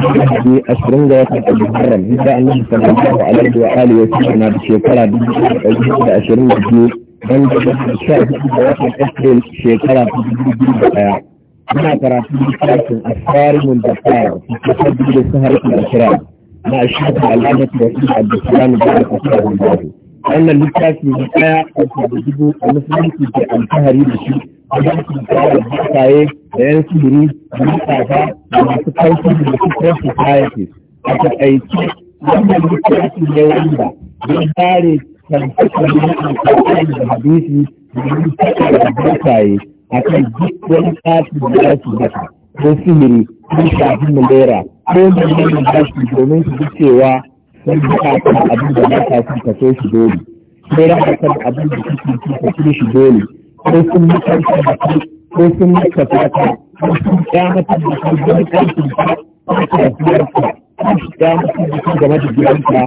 في أسرين جوات المحرم إذا أن صلى الله عليه وآله وسلم بشيكرة بجهد أسرين جوات dan da shi a cikin shekara ta dubu daya ina karatu da shafin asfari mun da fara da shafin da shahararren da shirar na shafin al'adar da shi a da shirar da shirar da shirar wannan littafi da daya da ke da dubu a musulunci ke alfahari da shi wajen cuta da bukaye da yan sihiri da matsafa da masu karfi da masu karfi society a taƙaice wannan littafi ne wanda ya kare karfi da alfahari da hadisi da littafi da bukaye a kan duk da ko sihiri da domin sai haka kan abin da ba ka ka so shi dole sai kan abin da kake so ka so shi dole ko sun mutunta da kai ko sun mutunta ka ko sun da kai don aikin ka ko ka fiyar ko su kyamatar da kai game da gidanka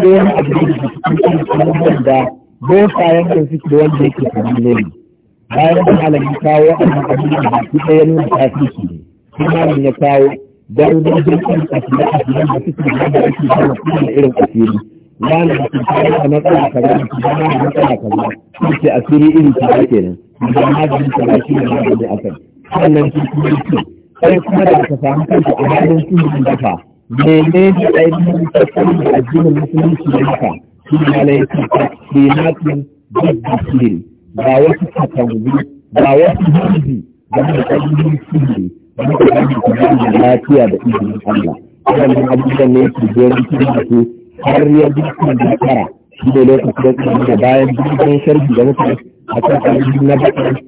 ko wani abin da ke cikin abubuwan da bokayen da suke da wanda yake kamar ne bayan da malami kawo wannan abin da ke ɗaya nuna tasiri ne sai malamin ya kawo daidai kan asiri asirin da suke da ake kama kuma irin asiri ya na da cuta matsala kaza da matsala kaza suke asiri iri kaza kenan da maganin kaza shi ne akan sannan su kuma sai kuma da aka samu kansu a halin mene ne ainihin tattalin da musulunci ya haka shi ne malayin kasa dinatin bidda ba wasu katangu ba wasu hirbi game da ainihin sihiri duka ɗan lafiya da izinin Allah waɗannan abubuwan ne yake jerin cikin su har ya cikin da tara shi ne lokacin da kuma da bayan dukkan sharhi da muka a kan abubuwan na da kasar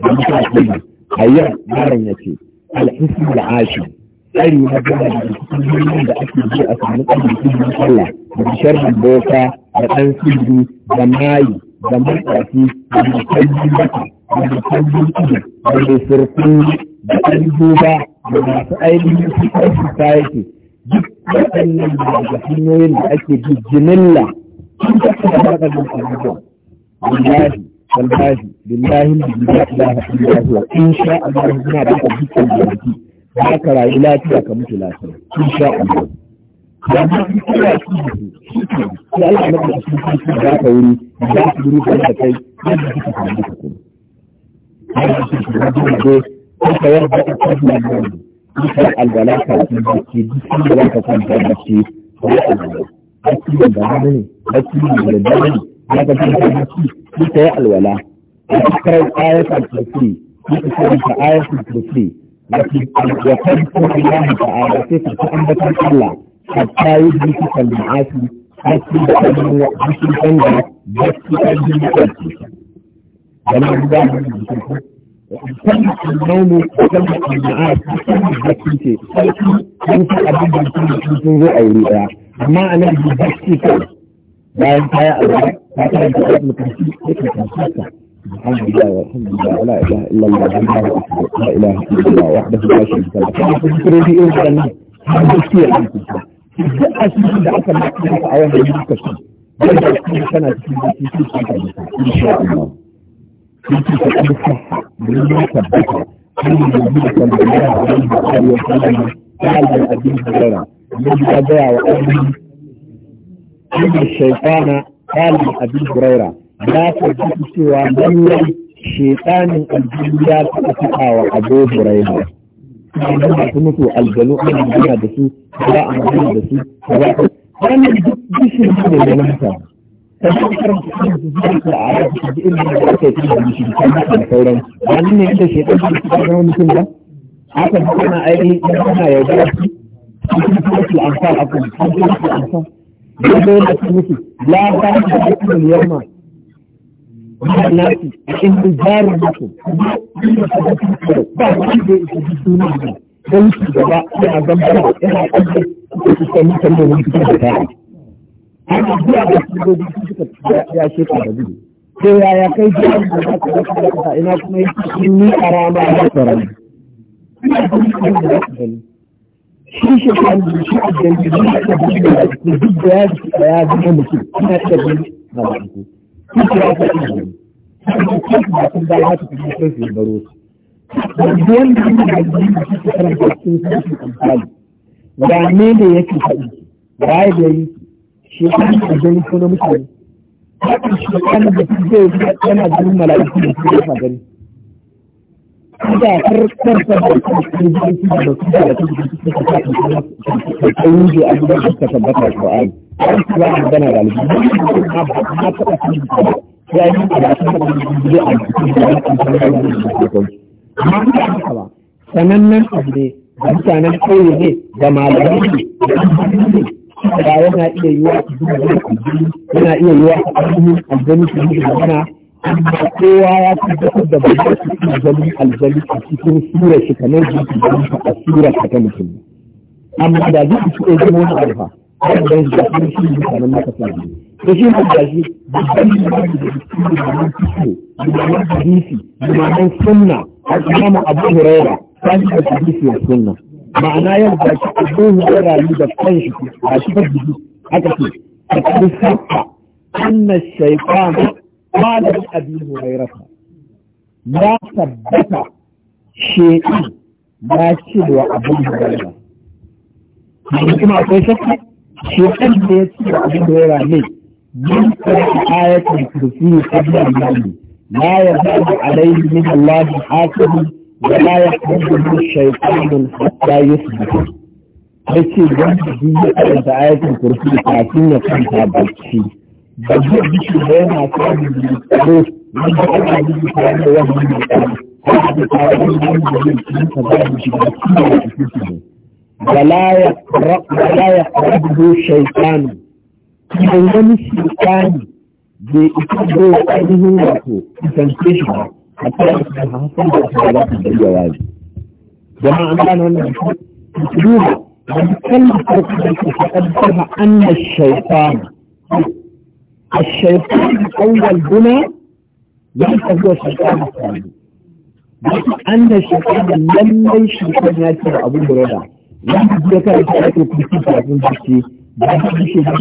da muka kuma a yau yaron ya ce alhisu da ashi tsari na gana da cikin hanyar da ake bi a samu tsarin cikin Allah da sharhin boka da ɗan sirri da mayi da matsafi da mutum da mutum da mutum da ɗan ba da masu ainihin cikin society duk waɗannan da hanyoyin da ake bi jimilla sun kasa da maganin abubuwa wallahi wallahi billahi billahi billahi billahi in sha Allah da dukkan jami'i za ka rayu lafiya ka mutu lafiya in sha Allah amma in da su sai Allah da su su za ka wuri za su wuri da kai yadda suka samu kuma. shi suka yarda a cikin gudu suka alwala kafin bacci duk sun da ka kwanta bacci ko alwala bacci da gaba ne bacci da gaba ne ya ka kwanta bacci suka yi alwala a cikin ayatul kursi suka karanta ayatul kursi وتذكر الله تعالى صفة أنبة الله حتى يدركك المعاصي حتى يكون عشرا بس تجد نفسك. جماعة الله musamman annaunu musamman anna'a musamman haƙƙi ce sarki sun fi abin da sun sun zo a wuri ɗaya amma a nan da haƙƙi kai bayan ta yi abu ta ta da wasu mutunci ya ke kansuka الحمد لله والحمد لله ولا اله الا الله والله اكبر لا اله الا الله وحده لا شريك له كما تذكروا في يوم الجنه هذا الشيء اللي كنت الدقه الشيء اللي عسى ما تكون في اواخر يوم الكشف كان yake ta ƙarfa da tabbata da a wani da ƙariyar gaya wa shaitana kalin abin huraira ya tabbata cewa lallai shaitanin aljihun ya taɓa taɓa wa abu huraira yanzu masu mutu aljanu a magana da su ba a da su ba wannan duk bishin ne na mutane kamar karin kuma su zuwa su a da aka yi kuma su ji kama da sauran wani ne yadda shekaru da suka zama mutum ba aka yi aiki na kuma ya zuwa su a kuma su yi amsa ya zai yadda su ya ba su da duk miliyar ma ma nasi a cikin bizarin musu ba wani zai isa su suna ba don su gaba yana zama yana ƙasar su kusa mutane da wani fitar da haka da suka ya sheka da gudu ko yaya kai jihar da za ka zaka da kasa ina kuma yi cikin a rama shi shi kan da shi a jami'i da shi a da shi da da ya da shi na ba shi ya ka yi shi da kun da shi ne da yake faɗi ba ya da yi shi ya kuma gani ko na mutane hakan shi kan da zai yana ganin mala'iku da su yana gani kada karkar da su da su da su da su da su da su da su da su da su da su da tabbata ko ai an kuma magana da aljihu na taɓa sanin ta ya yi da su da su da a cikin da su da su da su amma ba haka ba sanannen abu ne da mutanen kauye ne da malamai ne da da yana iya yi wa yana iya yi wa su aljini aljini su yi magana amma kowa ya tabbatar da ba su yi aljini aljini a cikin sura shi kamar da su yi a sura ta ta mutum amma da zai su ɗaya zama wani alfa har da yanzu da shi yi kamar na kasa biyu, da shi ne da shi babban limanin da su yi limanin fito limanin hadisi limanin sunna har imamu abu huraira ta yi da hadisi ya sunna ma'ana yau da shi a abin ya rayu da kanshi a shi ba jiki haka ce a kan sakka anna shaytan qala li abi hurairah ya tabbata shaytan ya ce wa abin da abu hurairah yanzu kuma akwai shakka shaytan da ya ce wa abu hurairah ne من قرأ آية الكرسي قبل الموت لا يزال عليه من الله حاكم ولا يحبه الشيطان حتى يثبت yace wanda duk ya karanta ayatul kursi kafin ya kanta bacci ba zai ji shi ba yana samun tsaro wanda aka yi da tsaro ko da ta hanyar wanda zai ci ta ba shi da ciwo a su ne wani bai ainihin wato kusance shi ba hatta da kuma hankali da kuma za ta dinga yaji domin an gane wannan hankali ku duba da dukkan da farko da ke tabbatar ma annan shaitan a shaitan da kawal duna ya ta zuwa shaitan da lallai shaitan ya ce da abun da rada wani da zuwa ake kuma kuma kuma kuma kuma kuma kuma kuma kuma kuma kuma kuma kuma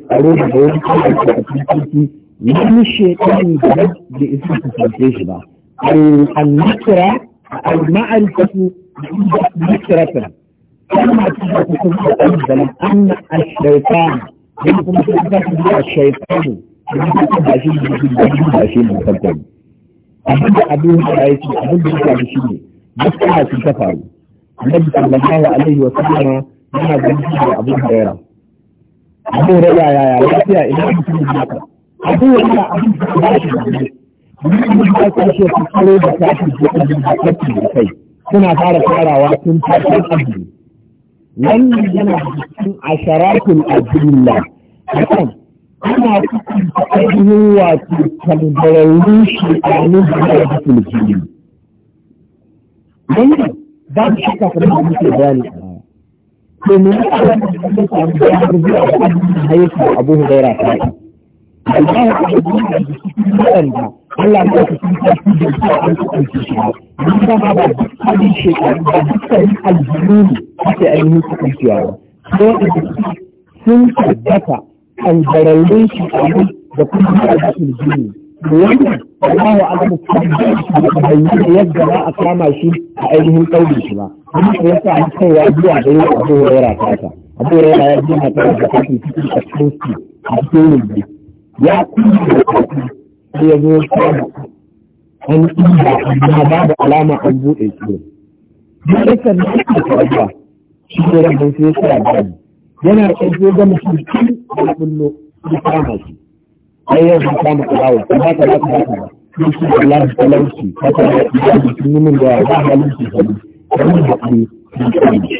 kuma kuma kuma kuma kuma wani shekani da da isa su sauke shi ba al-nakira al-ma'arifatu nakiratan kalma ce da ta kuma da ɗanɗanan an na ashaitan yana kuma ta kuma ta da ashaitanu yana ta ba shi da shi da shi da shi da kankan abin da abin da ya ce abin da ya faru shi ne gaskiya sun ta faru annabi sallallahu alaihi wa sallama yana ganin da abin da ya rabu abin rada yaya lafiya idan mutum ya haka abin yana abin da ba shi da ne ni abin da ce ku tsaro da tashi da abin da kake da kai suna fara farawa tun farkon azumi wannan yana cikin asharatul ajilla akan ana cikin ainihin wato a nan da ya da tulkini wannan ba shi ka kuma muke bayani a baya to ne ya da ya samu da ya samu da ya samu abu hurairah ta Allah ya kuma da cikin Allah ya ka sun tafi da shi ba. Ni ba ma ba dukkanin shekaru ne ainihin su ɗauke ba. Sai da sun tabbata an zararrun da kuma aljihu ne. Wannan Allah ya alamu kuma da yadda za a kama shi a ainihin ɗauke shi ba. Wani ko yasa an kaiwa zuwa da yin abu ya rata ta. Abu ya rata ya biya na ɗauke da kafin cikin a cikin su a cikin yanzu. ya kuma da ƙarfi sai ya zo ya samu an ɗiba amma babu alama an buɗe shi ne dukkan da kuma faruwa shi ne rabin sai ya da gani yana ƙarfi ga mutum tun da bullo ya kama shi sai ya zo kama ƙarawa kuma ka za ka haka ba sun shi da da talauci ta ta da iyali sun yi min da ya ba halinci sani kamar da ke sun kama shi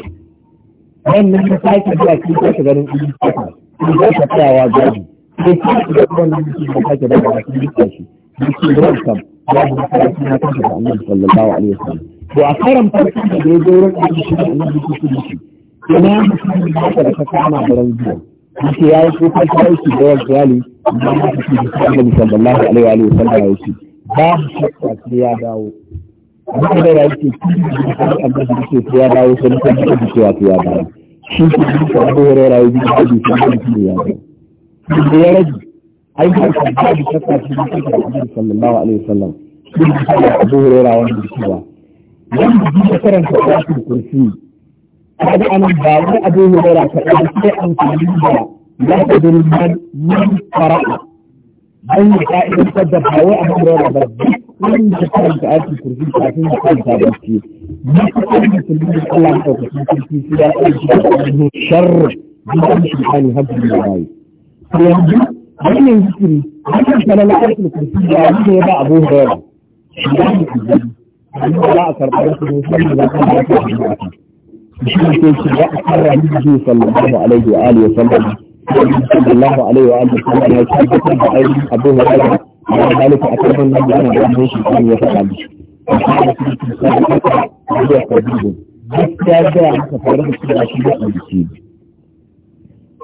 wannan ta sake zuwa cikin kasa ganin ɗin kasa sun kasa tsayawa sai ki da kuma shi da kake da baki shi shi kam a karan farko ya yi shi ya dawo da ya dawo ya dawo shi da ya dawo da ya rage ai ba ka ba da shakka shi da da Annabi sallallahu alaihi wasallam da ya Abu Hurairah wannan cewa wanda duk ya karanta ayatul kursi kada an ba wani Abu Hurairah ka da sai an kalli da la tadul man man qara'a dan ya ka'idar sadda ba wai Abu Hurairah ba wanda ya karanta ayatul kursi kafin ya karanta da shi mutum da sulhu Allah ya ɗauka sun kirki sai ya ɗauki bi an shi hali habbi da yanzu wannan zikiri wannan salala ayatul kursi da yanzu ya ba abu hurairah shi da shi da za a karɓar su da shi da za a karɓar su da shi ne shi da a karra hijji sallallahu alaihi wa alihi wa sallam sallallahu alaihi wa alihi wa sallam ya tabbatar da ainihin abu Ba da dalika a karɓar nan da ana da shi kan ya faɗa gaskiya da aka fara da shi da a jiki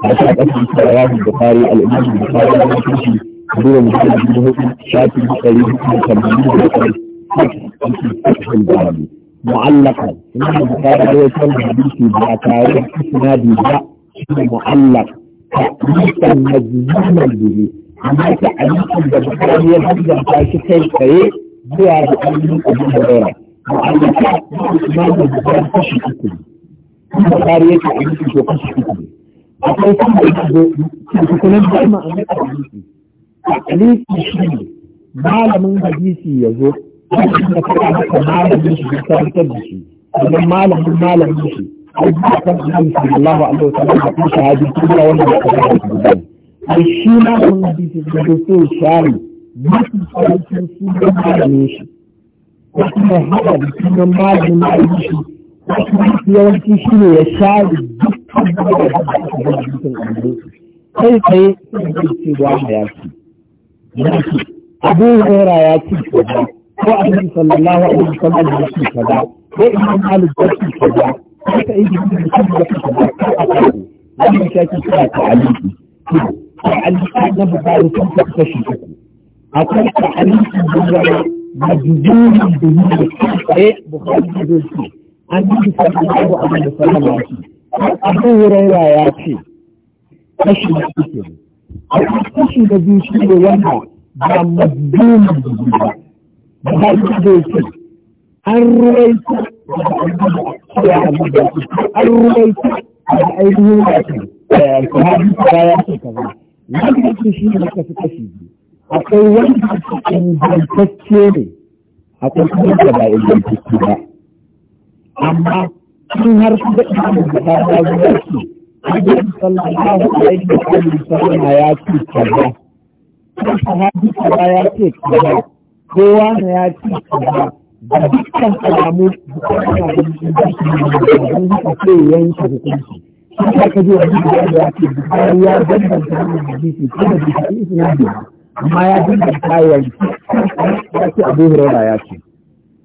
مثلا أسمع رواه البخاري الإمام البخاري لا تمشي دور المسلم منه شاتم قريب من ثمانين معلقا إمام البخاري هو يسمى حديثي بأكاري إسنادي لا معلق تعليقا مجزوما به أما تعليقا بالبخاري يجب أن تشكل شيء هو تعليق أبو هريرة معلقا إمام البخاري تشكل البخاري يتعليق وقشكل akwai tukunan dama a nufin hadisi aliki shi ne malamin hadisi ya zo da kuma maka malamin shi ya karantar da shi sannan malamin malamin shi an yi akan annabi sallallahu alaihi wa sallam da kuma shahadi kuma wanda ya da shi gudan shi malamin hadisi da ke so shari mafi karancin sunan malamin shi kuma haɗa da malamin malamin shi yawanci shi ne ya sha dukkan da ya kai tsaye ce ba ma ya ce ya ce abu hura ya ce kaza ko annabi sallallahu alaihi wasallam ya ce kaza ko imam malik ya ce kaza ko ta yi da mutum ya ce kaza ko a kawo wannan shi ake kira ta'aliki ta'aliki na bukari sun ta kashi uku akwai ta'aliki da zama majujuri da yi da kai tsaye bukari da zai an yi sallallahu alaihi wasallam ya ce abu huraira ya ce kashi da suke a kashi da biyu shi ne wanda ba mazdumin ba ba eh, yi da yake an ruwaita da an ruwaita da ainihin wasu ta ya ce kaza shi ne kasu kashi biyu akwai wanda ingantacce ne akwai kuma da ba ingantacce ba amma sun har su da imamu da zuwa ki Abin sallallahu alaihi wa sallam ya ce kaza, ko sahabi kaza ya ce kowa na ya ce kaza, da dukkan alamu da mutum da ne yanke hukunci. Sun ta kaji wa mutum da ya amma ya danganta Abu ya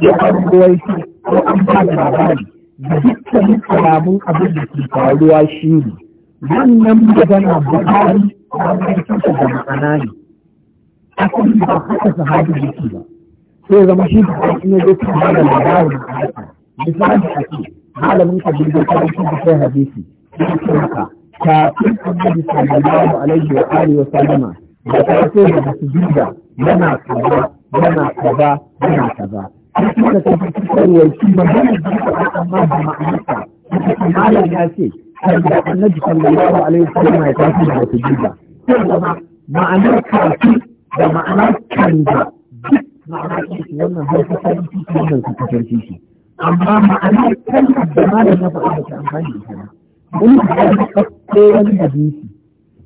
ya shi ko an ba da labari da dukkanin alamun abin da ke faruwa shi ne wannan magana bukari wannan kasa da ma'ana ne akwai ba haka sahabi ke ba sai zama shi da kan ne zai kan ba da a haka misali a ce malamin ka da dokar shi da kai hadisi ya ce maka kafin annabi sallallahu alaihi wa alihi wa sallama da farko da su duba yana kaza yana kaza yana kaza kuma da tafi kusurwar shi magana da ta amma da ma'anarsa malam ya ce da annabi sallallahu alaihi wasallam ya tafi da sujuda ma'anar kafi da ma'anar kanda duk ma'anar kishi wannan harfi kan kishi wannan kusurwar kishi amma ma'anar kanda da malam ya faɗa da ta amfani da ita wani da ya ɗauko wani hadisi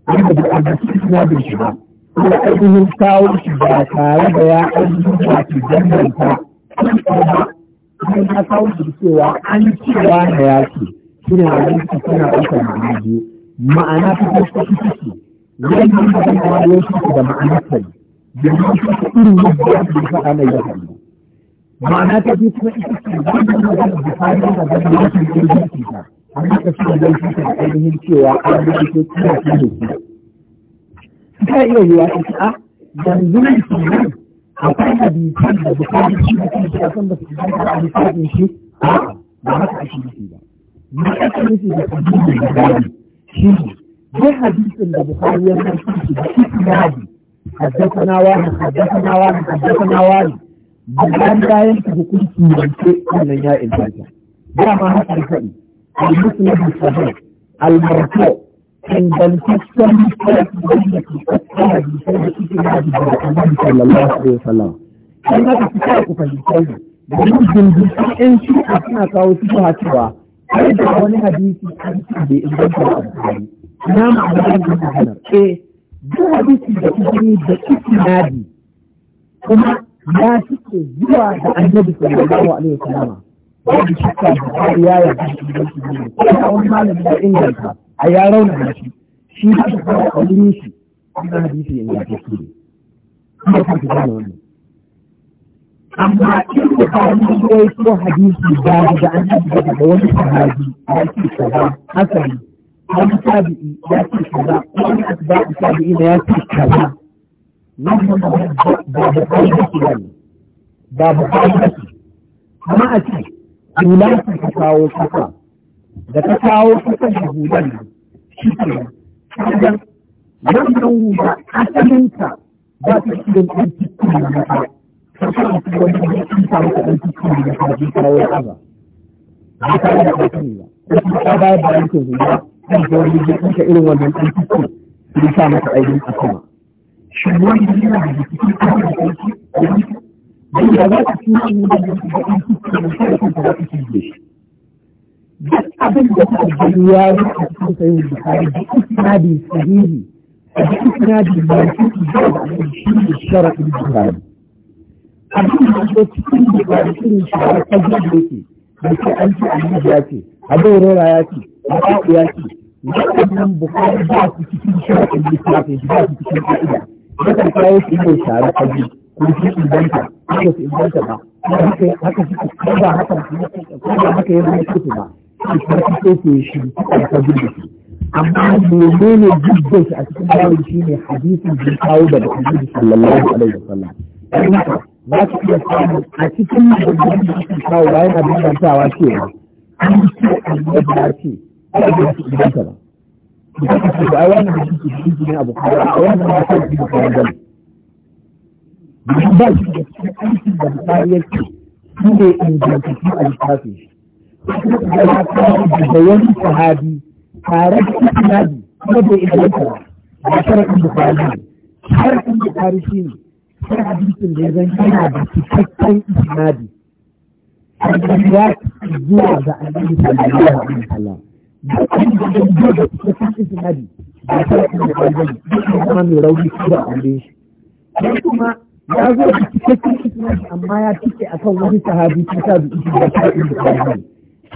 wanda da albashi na bin shi ba kuma ainihin kawo shi ba tare da ya ainihin ba ki danganta an kawo cewa an cewa da yaki suna yin ɗaukar ma'ana ta ce da da ma'ana sai domin su irin yadda ya fi faɗa mai ya hannu ma'ana ta biyu kuma ita ce wannan da kan da fari da ya ta an da da ainihin cewa an yi da ta iya a yanzu ne su akwai hadisan da bukari shi da kan shi akan a lissafin shi ba haka ake nufi ba ma ake nufi da hadisin da bukari shi ne dai hadisin da bukari ya shi da isnadi حدثنا واحد حدثنا bayan ta hukunci wance wannan ya inganta dama haka da faɗi al-muslim sahih al ingantaccen littafi da ke tattara hadisai da suke na hadisai da da sallallahu alaihi wasallam sai aka fi sa ku fahimtar da da jinjisan yan shi'a suna kawo su ta cewa har da wani hadisi an ce bai inganta da alƙali na ma'anar da maganar eh duk hadisi da kuke da kuke nadi kuma ya suke zuwa da annabi sallallahu alaihi wasallam babu shakka da ya yarda da inganci ne kuma wani malami da inganta a ya rauna da shi shi ba shi fara a wurin shi ina hadisi yi yafe shi ne ina kan ta gane wannan amma in da ka yi ya ko hadisi ba da an yi daga wani sahabi ya ce kaza hasali wani tabi'i ya ce kaza wani asbabu tabi'i ya ce kaza wannan ba da kai da shi ne ba da kai da shi amma a ce ina ka kawo kasa da ka kawo kusan da hudan nan shi ke kajan wannan huda asalinta ba ta don ɗan cikin da na sarkar da wani da sun samu da ɗan cikin da na kawo kawo ya aza ba ta yi da ɗan ba ko kuma ta bayar da ɗan cikin ba kan ga wani da ɗan irin wannan ɗan cikin sun sa mata ainihin a sama shi wani yana da cikin ɗan cikin da ɗan cikin da za ka cikin da ɗan cikin da ɗan cikin da ɗan cikin da ɗan cikin da albani ya yi a cikin sayin bukari da isnadi sahihi da isnadi mai cikin da a cikin ne sharaɗin bukari abin da ke cikin bukari shirin shara sharaɗin kaji da yake da ke an ce yi ya ce bai rora ya ce abu ya ce waɗannan bukari ba su cikin sharaɗin bukari ba su cikin ka'ida yakan kawo su ne sharaɗin kaji ko su inganta ko su inganta ba haka haka suke ko ba haka ko ba haka ya zama kutu ba ta fito ke shi ta gudu amma mene ne jiddin shi a cikin bayan shi ne hadisin da kawo daga annabi sallallahu alaihi wasallam ba ta iya samu a cikin hadisin da aka kawo ba yana cewa an ce da ce ba za su gidanta ba da ta ce da shi ne abu a wannan da shi gani ba shi da cikin aikin da misali shi ne a littafin shi da da wani sahabi tare da isnadi kuma bai inganta ba da sharaɗin bukari ne sharaɗin shi ne da ya zan yana da cikakken ya zuwa ga annabi sallallahu alaihi wasallam da ya zo da cikakken isnadi da sharaɗin ne duk mai rauni bai shi dan kuma ya zo da cikakken amma ya tike akan wani sahabi ta sa da da sharaɗin ne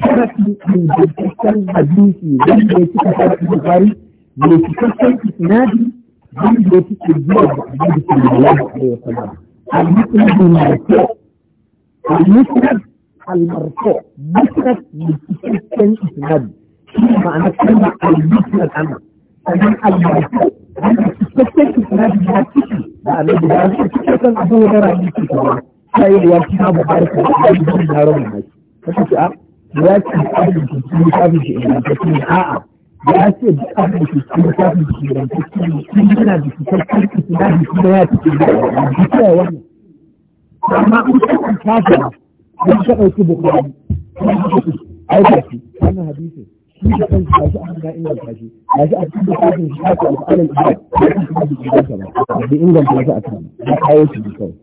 sharafi ingantaccen hadisi wanda ya cika sharafi bukari mai cikakken isnadi wanda ya cika zuwa da annabi sallallahu alaihi wasallam al-musnad al-marfu al-musnad al-marfu musnad mai cikakken isnadi shi ma'ana kuma al-musnad amma sannan al-marfu wanda cikakken isnadi ya ciki da annabi da annabi cikakken abu da rayuwa ciki ba sai ya ci abu barka da annabi da rawan nashi kace ya ce abin da ke littafin shi ingantacce ne a'a ya ce da abin da ke littafin shi ingantacce ne sun yana da cikakken islamin shi da ya fice da ya ce wannan amma in ka kan kafa ya ka ɗauki bukari aika shi wannan hadisi shi da kan shi shi an ga inganta shi ya shi a cikin yi shi ya ka alƙalan ibad ya kan yi bai inganta ba bai inganta shi a kan ya kawo shi da kawai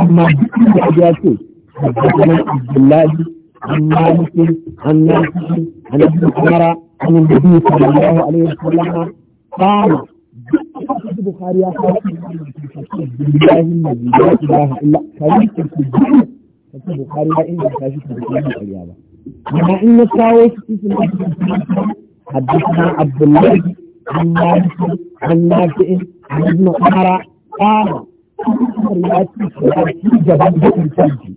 amma duk da ya ce da kuma Abdullahi عن مالك عن نافع عن ابن عمر عن النبي صلى الله عليه وسلم قال البخاري بالله الذي لا اله الا خليك في البخاري لا ان البخاري بالله ان تساوي حدثنا عبد الله عن مالك عن نافع عن ابن عمر قال في جبل الثلج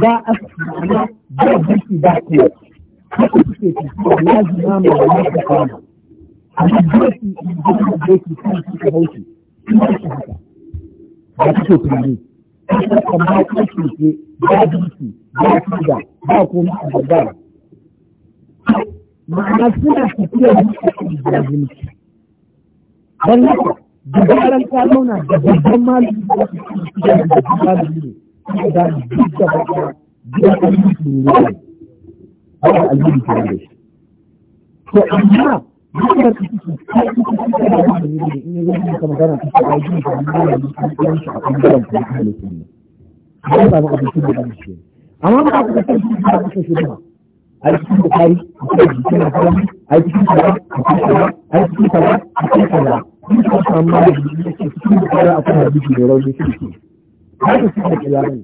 ba a ma'ana ba jiki ba ke haka suke tafiya lazima mai wani da kama amma jiki in jiki da jiki kan suka haushi in ba su haka ba su ke tunani kan ba ku keke ba jiki ba ce ba kuma a ce ma'ana suna tafiya don haka ta zauna da babban malami da su tafiya da babban ne kuma da duk da baka gida alheri amma da in yanzu mun a bangaren ba ka cikin a cikin jikin da kuma ai cikin kaza a cikin kaza ai cikin kaza a cikin kaza in ka samu ma da jikin da cikin bukari a kan ne rauni har su sa yaron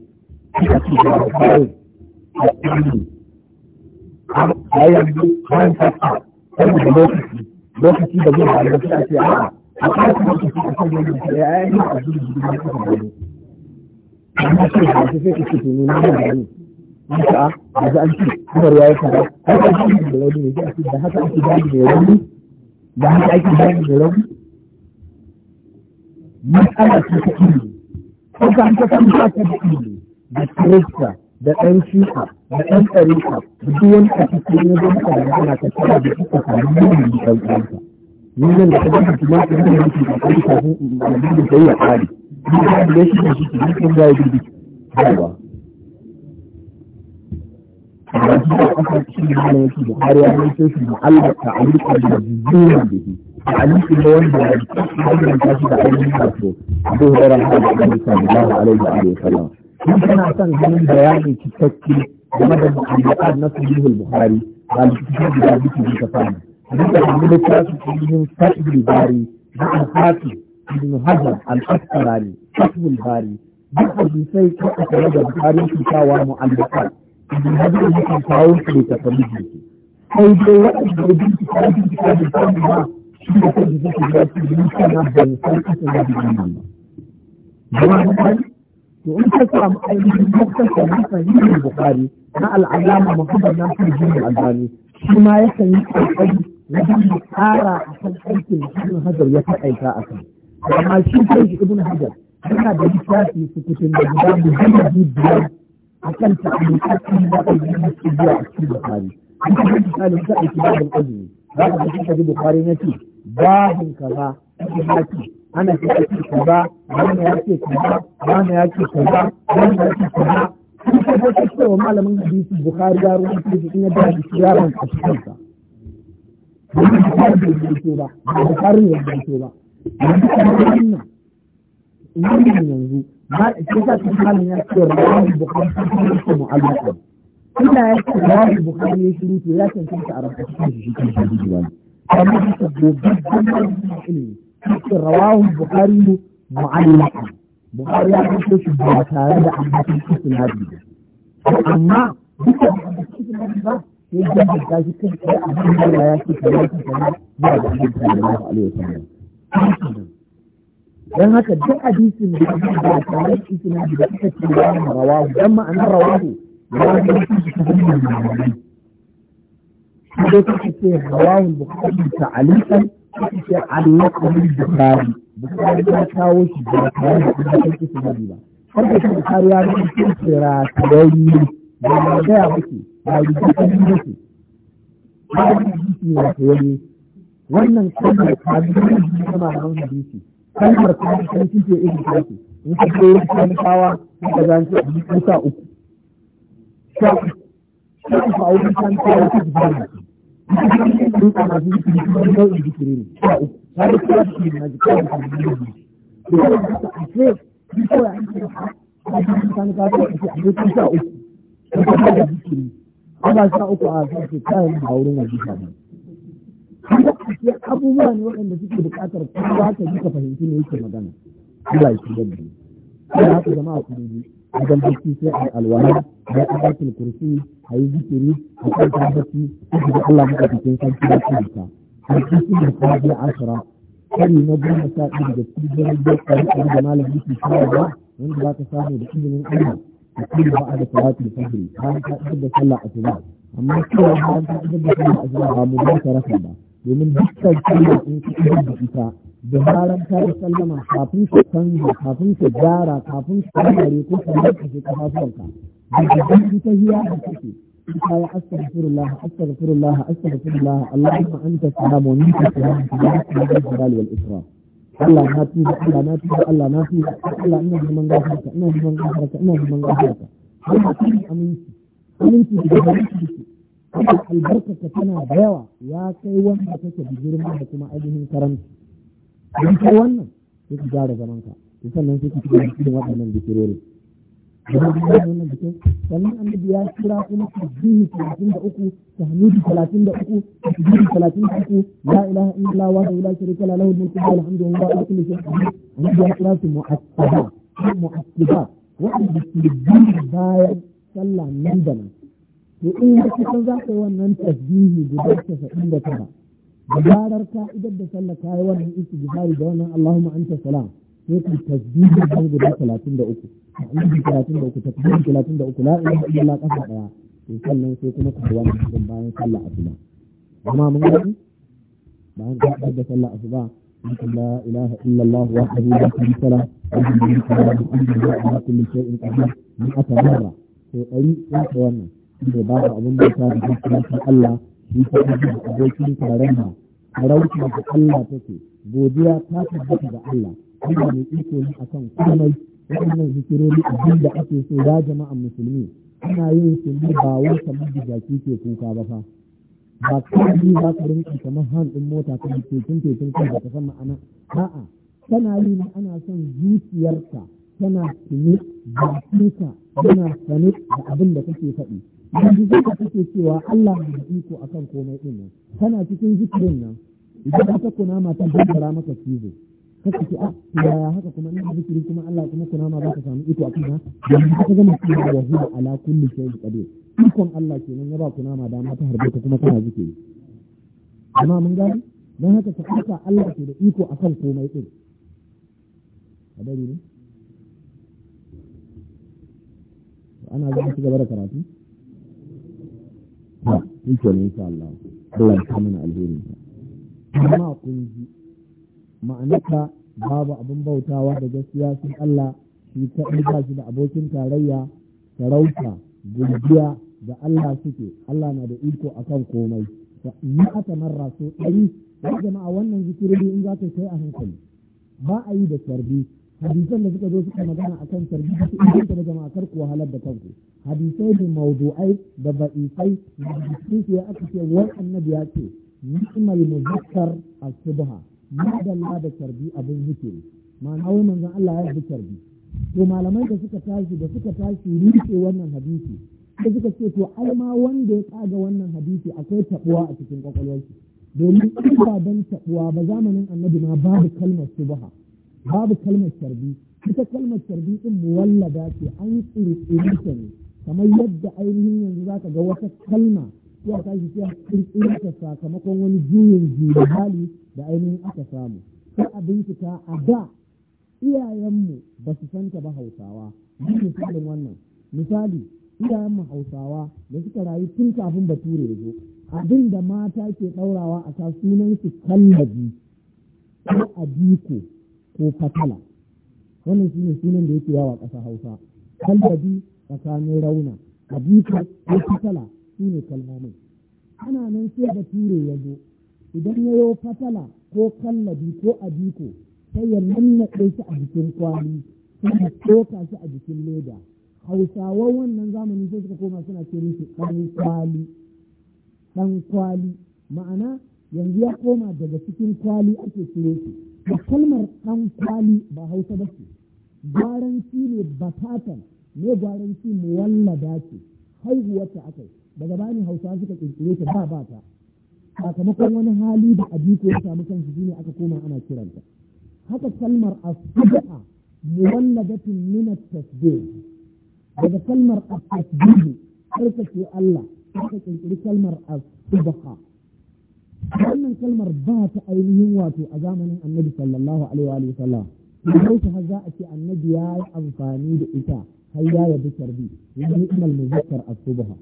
da a da lokaci lokaci da zai hali ake a a kawai kuma su suka kawai yanzu da ya yi a zuru jirgin da suka gado amma sai da su ne a an ci ya yi cikin da ne zai da haka da rauni da rauni ta ilimi Kuka an kasan ba ta da ilimi da kirista da ɗan shi'a da ɗan tsarika da duk wani a cikin ya zama da ana ta tara da suka samu yin yi da ta gaba kuma ta yi kafin malamin da ta yi a tsari. da shi da shi ke yi kan zai dubi. Yawa. shi da ƙasar shi ne yake da kariya ne a da da تعليق اللي وين حاجه الناس بعدين يعرفوا ابو هريره رضي الله عليه واله وسلم ممكن عشان يكون بيان تتكي بمدى المعلقات نفس به البخاري قال الكتاب بذلك في تفاهم هذا عمل التاسع من كتب الباري مع الحاكم ابن حجر الاسقلاني كتب الباري duk hadisai ko a tare da bukarin cutawa mu'allaka idan hajji ne kan kawo su da tafalijin sai dai waɗanda da bincika bincika da samu ba shi da kan jikin shi ya ce ni kana ban san asalin da wannan ba ba ba to in ka samu ainihin dokta da yi yin bukari na al'alama muhammad na fi jini albani shi ma san yi kokari wajen da tsara a kan aikin ibn hajar ya ta a kan amma shi kai ibn hajar yana da littafi su kutun da guda muhammadu biyar a kan ta'alikatun da ainihin mutum biya a cikin bukari. An kasance misalin ta aiki babin azumi, za ka ga shi ka ji bukari na ce babin kaza ake haki ana ce ake kaza wani ya ce kaza wani ya ce kaza wani ya ce kaza sun ce ko ce cewa malamin hadisi bukari ya ruwan ce in ya da shi bukari ya ba ba bukari kuma yanzu ba ce sa ya ce bukari sun ina ya ce rawar bukari ya shiru to ya cancanta a rabu cikin shi cikin shi kamar haka gogaggen marubucin ilimi cikin rawahun bukari mu'allaka bukari ya kashe shi tare da ambatin isnadi ba amma duka da ambatin ba sai da shi kan kai abin da ya ce kamar su kamar ba da ambatin alaihi wasallam dan haka duk hadisin da yake da ita isnadi da ma cewa rawahu dan ma'ana rawahu ya sai kuka ce hawawun bukatun ta alikan kuka alaƙarin bukari bukari ya kawo shi ba tare da kuma sarki su nabi ba har da shi bukari ya rufe sun kira tarari da ya gaya muke ba yi muke ba da shi shi ne tarari wannan kalmar ta biyu ne ta malaman hadisi kalmar ta biyu kan irin sarki in ka ce yin kankawa ka zanci a biyu kusa uku sha uku sha uku a wurin kankawa ta biyu ana sa uku a sarki kayan a wurin wajifa ne. Sai abubuwa ne waɗanda suke buƙatar kowa ka ka fahimci ne yake magana. Allah ya ci gaba. haka jama'a ku a a alwala da ayatul kursi a yi zikiri a kwanta bacci a da Allah muka cikin sarki da kanka a cikin da safiya ashira kari na goma sha ɗaya da cikin jirgin da kari a da malamin ke shirarwa wanda za ka samu da izinin Allah a cikin ba'a da salatul fajr bayan ka isar da sallah asuba amma cewa bayan ka da sallah asuba ba mu ba ta rasa ba domin dukkan sallah in ka isar da ita da zaran ta yi sallama kafin ka canza kafin ka gyara kafin ka kare ko ka yanka shi بالجبن بتهيا الحكي قال استغفر الله استغفر الله استغفر الله اللهم انت السلام ومنك السلام تبارك يا ذا الجلال والاكرام الله ما تيب الله ما تيب الله ما تيب الله انه من غفرك انه من غفرك انه من غفرك هل تيب امنتي امنتي بجبنتي haka albarkarka tana da yawa ya kai wanda kake da girma da kuma ainihin karanci don kai wannan sai ki gyara zamanka to sannan sai ki ci gaba da waɗannan bisirori wannan annabi ya kira kuma tasbihi talatin da uku tahmidi talatin da uku tasbihi talatin da uku la ilaha illallah wa la sharika la lahu mulku wa alhamdu wa ala kulli shay'in qadir annabi ya kira su mu'akkada mu'akkada wa'anda ke bi bayan sallah nan da nan to in ya kusan za ka yi wannan tasbihi guda casa'in da tara da zarar ka idar da sallah ka yi wannan istighfari da wannan allahumma anta salam yake tasbihin nan guda talatin da uku tasbihin talatin da uku tasbihin talatin da uku la ilaha illallah ɗaya to sannan sai kuma ka cikin bayan sallah asuba amma mun gani bayan ka da sallah asuba لا إله إلا الله وحده لا شريك له له الملك وله الحمد وهو على كل شيء قدير مئة مرة to ɗari ka wannan inda ba ka abin bauta da hankalin Allah shi ta ɗaga abokin taron ma sarauta da Allah take godiya ta tabbata ga Allah Allah mai iko ne kan komai waɗannan zikirori abin da ake so ya jama'an musulmi ana yin su ne ba wai kamar da jaki ke kuka ba fa ba kai za ka rinka kamar han ɗin mota kan tekun tekun kan da ka san ma'ana a'a kana yi ne ana son zuciyarka tana tuni bakinka yana sane da abin da kake faɗi yanzu zai ka kake cewa Allah mai iko akan komai ɗin nan kana cikin zikirin nan idan ka kuna mata dangara maka cizo kuka ce a ah, ya haka kuma ina zikiri kuma Allah kuma kuna ma ka samu iko a kanka yanzu haka gama cewa wa huwa ala kulli shay'in qadir ikon Allah kenan ya ba kuna ma dama ta harbe ka kuma kana zikiri amma mun gani dan haka ka haka Allah ke da iko akan komai din hadari ne ana zama ci gaba da karatu ha yake insha Allah Allah ya kama na alheri amma kun ji ma'anarsa babu abin bautawa da gaskiya sun Allah shi kaɗai ba shi da abokin tarayya sarauta gurgiya da Allah suke Allah na da iko akan komai ni aka marra so ɗari ya jama'a wannan zikirori in za ka kai a hankali ba a yi da sarbi hadisan da suka zo suka magana akan sarbi su inganta da jama'a kar ku wahalar da kanku hadisai da mawdu'ai da ba'isai da cikin ya aka ce wai annabi ya ce ni'mal muzakkar as-subha madalla da karbi abin zikiri ma'ana wai manzon Allah ya yi karbi. to malamai da suka tashi da suka tashi rike wannan hadisi da suka ce to ai wanda ya tsaga wannan hadisi akwai tabuwa a cikin kwakwalwarsa domin in ba dan tabuwa ba zamanin annabi ma babu kalmar subha babu kalmar karbi ita kalmar carbi din muwallada ce an tsiri ta ne kamar yadda ainihin yanzu za ka ga wata kalma ko a tashi ce a tsiri ta sakamakon wani juyin juyin hali da ainihin aka samu sai a bincika a da iyayenmu ba su ta ba hausawa misalin wannan misali iyayenmu hausawa da suka rayu tun kafin bature ya zo abin da mata ke ɗaurawa a ta sunan su kallabi ko adiko ko fatala wannan ne sunan da yake yawa ƙasa hausa kallabi tsakanin rauna adiko ko fatala su ne kalmomin ana nan sai bature ya zo idan ya yi fatala ko kallabi ko abiko sai ya nannaɗe shi a jikin kwali sai ya toka shi a jikin leda Hausawa wannan zamani sai suka koma suna ce mishi ɗan kwali ɗan kwali ma'ana yanzu ya koma daga cikin kwali ake ciro shi da kalmar ɗan kwali ba hausa ba ce gwaranci ne batatan ne gwaranci muwallada ce haihuwar ta akai daga bani hausawa suka ƙirƙire ta ba ba ta sakamakon wani hali da abiko ya samu kansu shine aka koma ana kiranta haka kalmar asba'a muwalladatun min at-tasbih daga kalmar at-tasbih tsarkake Allah aka kirkiri kalmar asba'a wannan kalmar ba ta ainihin wato a zamanin annabi sallallahu alaihi wa sallam sai ta za a ce annabi ya yi amfani da ita har ya yabi tarbi wani imal muzakkar asba'a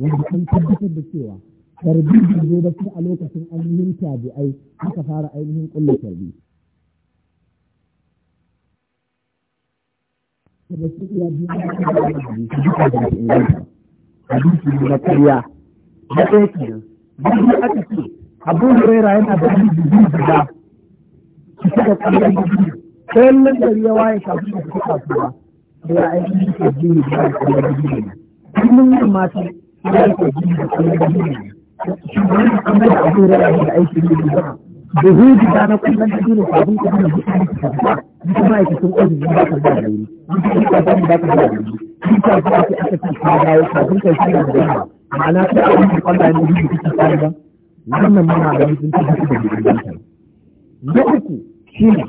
wanda an tabbatar da cewa tarbi bai zo da a lokacin ainihin tabi'ai aka fara ainihin kulla tarbi na karya na ɗaya kenan biyu aka ce abu huraira yana da hadisi biyu guda su suka kallon Sai kallon gari ya waye kafin da suka kasuwa da ya aiki da biyu da ne yin mata ya aiki da biyu da ne shugaban an bai da da aikin yi da da hudu da na kullum da dole sabon da ma'aikacin ofis ba ka da wuri duk da ba ka da wuri duk da ba ka aka ci ka shi da yawa ma'ana ta abin da kwallon ne da ba wannan da mutum ta da na uku shi ne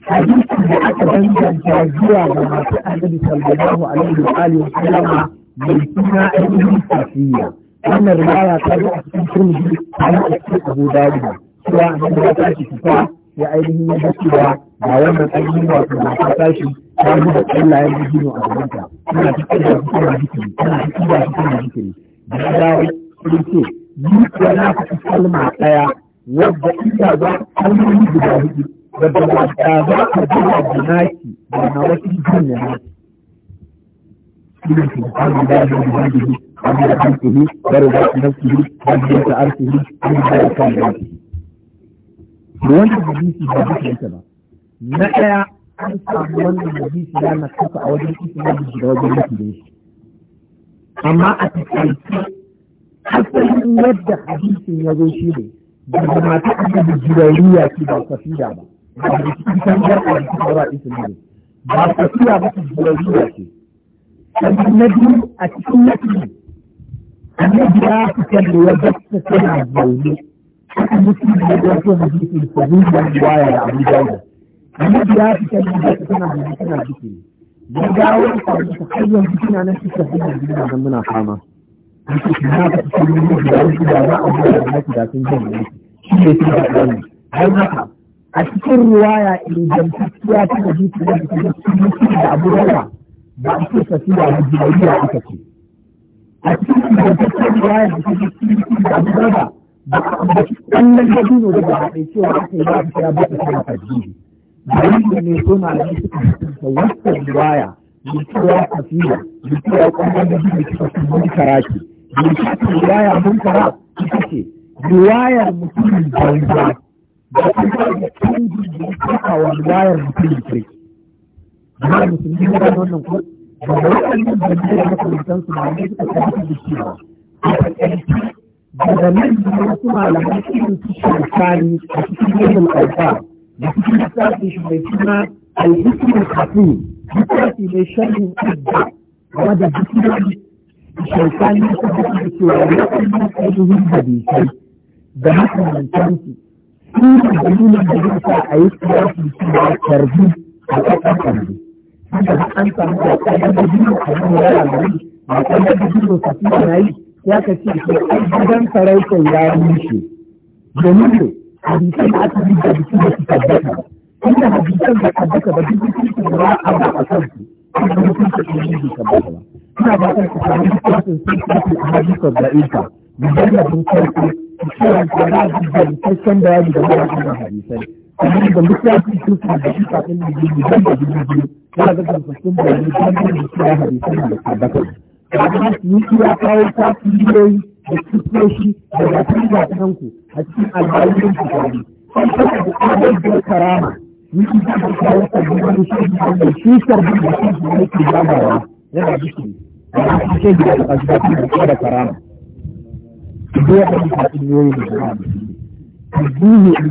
hadisin da aka danganta zuwa ga masu annabi sallallahu alaihi wa alihi wa mai suna ainihin wannan riwaya ta zo a cikin turmiji yi a cikin abu dawud a cikin wata tashi fita ya ainihin ya dace da ga wannan ainihin wato na ta tashi ta buɗe Allah ya yi gino a gabanta tana cikin da su tana jikiri tana cikin da su tana jikiri da ya dawo sun ce ni kuwa na faɗi kalma ɗaya wadda ita za kalmomi guda hudu wadda ba ta za a gina da naki da na wasu jin ya naki. Ina ce, Allah ya yi عند خلقه ورضاء نفسه عند عرشه عند كلمته wannan hadisi ba duka yake ba na ɗaya an samu wannan hadisi ya na kasa a wajen isnadi da wajen mutum amma a takaice asalin yadda hadisin ya zo shi ne daga mata annabi jirariya ce ba kafida ba ba da cikin a cikin wara ba kafida ba ta jirariya ce sannan na biyu a cikin nasiru annabi ya fita da wajen tana zaune haka mutum da ya wato hadisi da zuwa riwaya da abu dauda annabi ya fita da wajen tana zaune tana zikiri ya dawo da kwanci har yanzu tana nan cikin hanyar duniya don muna fama yake na ka fita da wajen da wasu da za a zuwa da haki da sun zan yi shi ne sun faɗi wannan har haka a cikin riwaya ingantacciya ta hadisi da cikin mutum da abu ba a ce tafiya da jirgin aka ce a cikin da ta kariya da ta cikin da ba. ba a mace daga haɗe cewa aka yi ba ta ba ta kira tajiri ne so na da suka fita wata riwaya da cewa tafiya da cewa ƙwallon da suka fita sun mun karaki da cewa riwaya mun kara ita ce riwayar mutumin banza Ba kuma da canji da ya saka wa riwayar mutumin kirki. Jama'a musulmi ne wannan ko. daga waɗannan bayyana da makamantan su ba ne suka tafi da cewa a takaice daga nan ne wasu malamai irin su a cikin yankin alfa da cikin lissafi shi mai suna alhikimar kasi. lissafi mai sharhin adda game da jikin shirkani ta tafi da cewa waɗannan ainihin hadisai da makamantan su su ne dalilin da zai sa a yi kiyasi cewa karbi a ƙasar karbi haka an samu da kayan da biyu a kan yara da yi ba kan da biyu da su na yi ya ka ce ke gidan sarautar ya yi rushe domin ne hadisan da aka yi da bikin da su tabbata inda hadisan da tabbata ba duk bikin su ba a ba a kan su inda bikin su ne bikin tabbata ba ina ba kan su samu bikin su su a hadisan da ita bikin da bikin su su kiran tsara da bikin da ya bi da mara hadisai kamar da littafi sun su da shi kafin da yi da da yi biyu ya ga da sun da yi da da shi ya hari sun da sadaka amma ni ya kawo ta filiyoyi da kisoshi da da tun da kan ku a cikin albayin ku kare sai ta da kawai da karama ni ki da kawo ta da shi da shi sarbi da shi da yake babawa yana biki amma shi ke da shi. da karama dole a yi ta filiyoyi da karama Addini in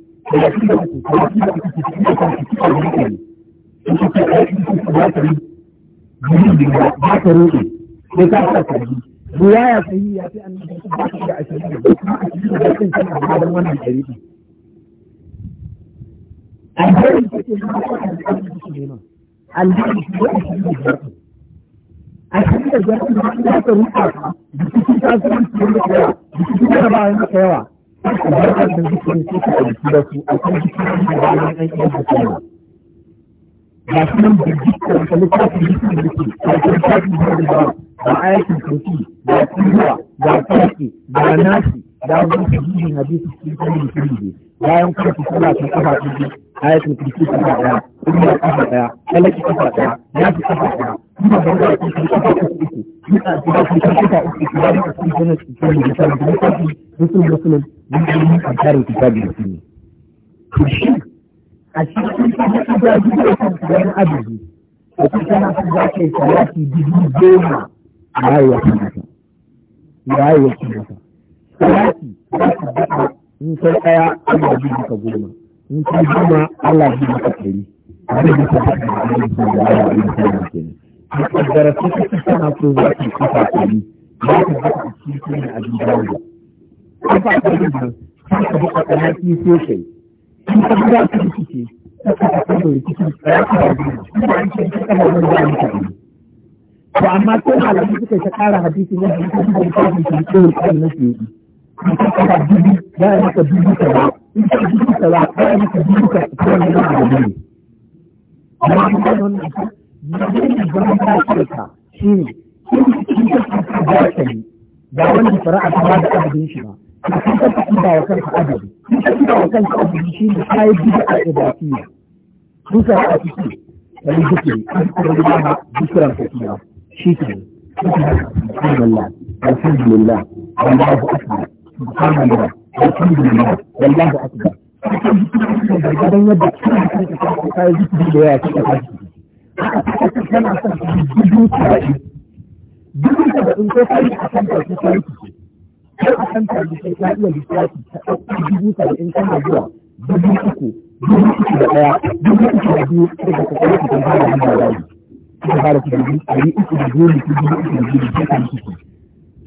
riwaya sai ya fi an da ashirin da kuma a cikin da kan kan abu da wannan tarihi alheri take da kan da kan da ne ma da ko a cikin da zarfi a cikin da zarfi da aka rubuta da cikin kasuwanci da yawa da cikin da bayan da yawa barkar da zikirin sai ka ɗauki da su a kan zikirin da bayan an iya da kuma ga shi nan da zikirin da littafin zikirin da a kan zikirin da ayatul kursi da kuma da farki da nasi da wani sahihin hadisi cikin sanin kirji bayan kuma ku kula ta kafa ɗin ayatul kursi ta kafa ya kuma kafa ɗaya kalaki kafa ya nasi kafa ɗaya kuma ban da kursi kafa uku ina kuma kursi kafa uku uku da kuma cikin sanin kirji da sanin kirji musulun musulun mun yi mun kankarin kitabi da sunni to shi a cikin kitabi da kuma kan abin da kuma kana son za ka yi salati dubu goma yayi ya kamata yayi ya kamata salati za ka daɗa in sai tsaya Allah bi goma in sai goma Allah bi maka ɗari abin da ka daɗa da Allah bi maka ɗari kenan a kaddara sai ka kana so za ka kafa ɗari za ka daɗa a cikin abin da ya kafa ɗari nan sai ka daɗa ɗari sosai in ka daɗa rikici sai ka daɗa rikici ɗaya ka daɗa rikici ba an ce ka daɗa rikici to amma ko malamai suka ta kara hadisi ne da kuma da kafin ta ko kan na shi ka dubi yi maka dubi ka ba in yi maka dubi ka ko ne da dubi amma in ka non na da ni zaman da shi ka shi ne in ka ba ka ni ba wani fara'a ta ba da abin shi ba in ka ba wa kanka adabi in ka ba wa kanka adabi shi ne kai bid'a ibadiyya duka a ciki wani duke an kuma da shi ke alhamdulillah alhamdulillah wallahu akbar subhanallah alhamdulillah wallahu akbar gargadan yadda kana da ka kai zikiri da yawa da kai da son da dubuta da dubuta da da ko da a da ka da kai da kan da kai da iya da ka da dubuta da in da zuwa da uku da uku da ɗaya da uku da biyu daga da kai da kai da biyu suka fara kudi ɗari uku da goma ko dubu uku da goma sai kan ciki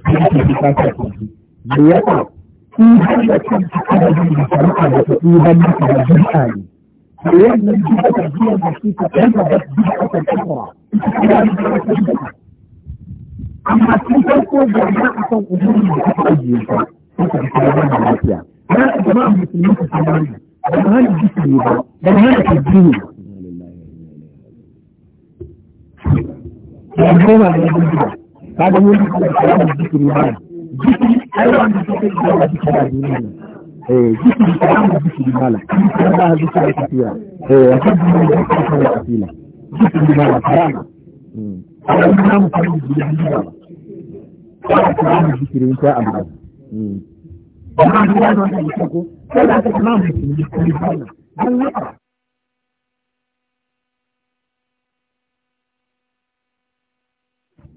sai ake fi kasa kudi me ya sa in har da kanta kana jin da shari'a da ta ɗuban maka da shari'a ne to wannan duka ta biyan da shi ta ɗan da duka a kan kakura ita kuma da ta duka amma sun farko da na a kan ubangiji da aka ajiye ta suka fi kare da lafiya na jama'a musulmi ka sanar da ba hana jiki ne ba ba hana addini ba da koma da yadda gida ba da yin da karamar jikiri ba jikiri aiwa da suka da jikiri a duniya ne eh, jikiri karamar jikiri mala jikiri ba a zuciya tafiya eh, a kan duniya da suka kawo hmm. a fila jikiri mala karama a wani namu karamar jikiri ba ba a karamar jikiri ta amma hmm. ba a da wani ko ko sai da aka kama mutum ne kuma ba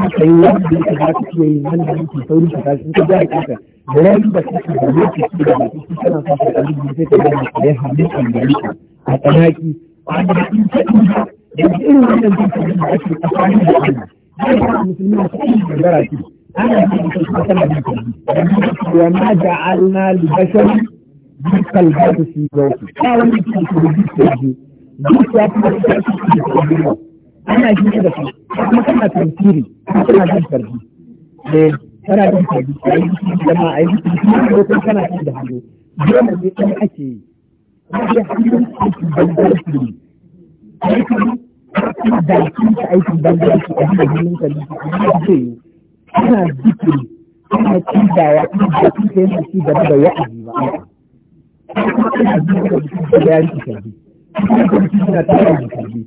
haka yi wani da yake za ka iya yi wanda yake sauri ka tashi in ka ja ka da rayu da da yake ci da baki shi kana sa ka kalli ne sai ka ga da ya hannun kan da yake a tsanaki wanda da in ka inda da irin wannan da kake da ake tsakanin da ka musulmi da kake da gara ki ana yin shi ka kana da kalli wa ma ja'alna li bashar da hadu fi gauki ba wani ke da dukkan ji duk ya fi da kake da ana ji da su kuma kana tantiri kana jin karbi eh kana jin karbi ai jama'a ai ko kuma kana jin da hannu dole ne kai ake yi ai su aiki bangarci ne aiki aikin bakin ka aikin bangarci a jiya hannun ka ne amma zai yi ana zikiri ana kidawa ana bakin ka yana ci gaba da wa'azi ba kuma ana jin Kuma da yari karbi kuma kuma suna tara da karbi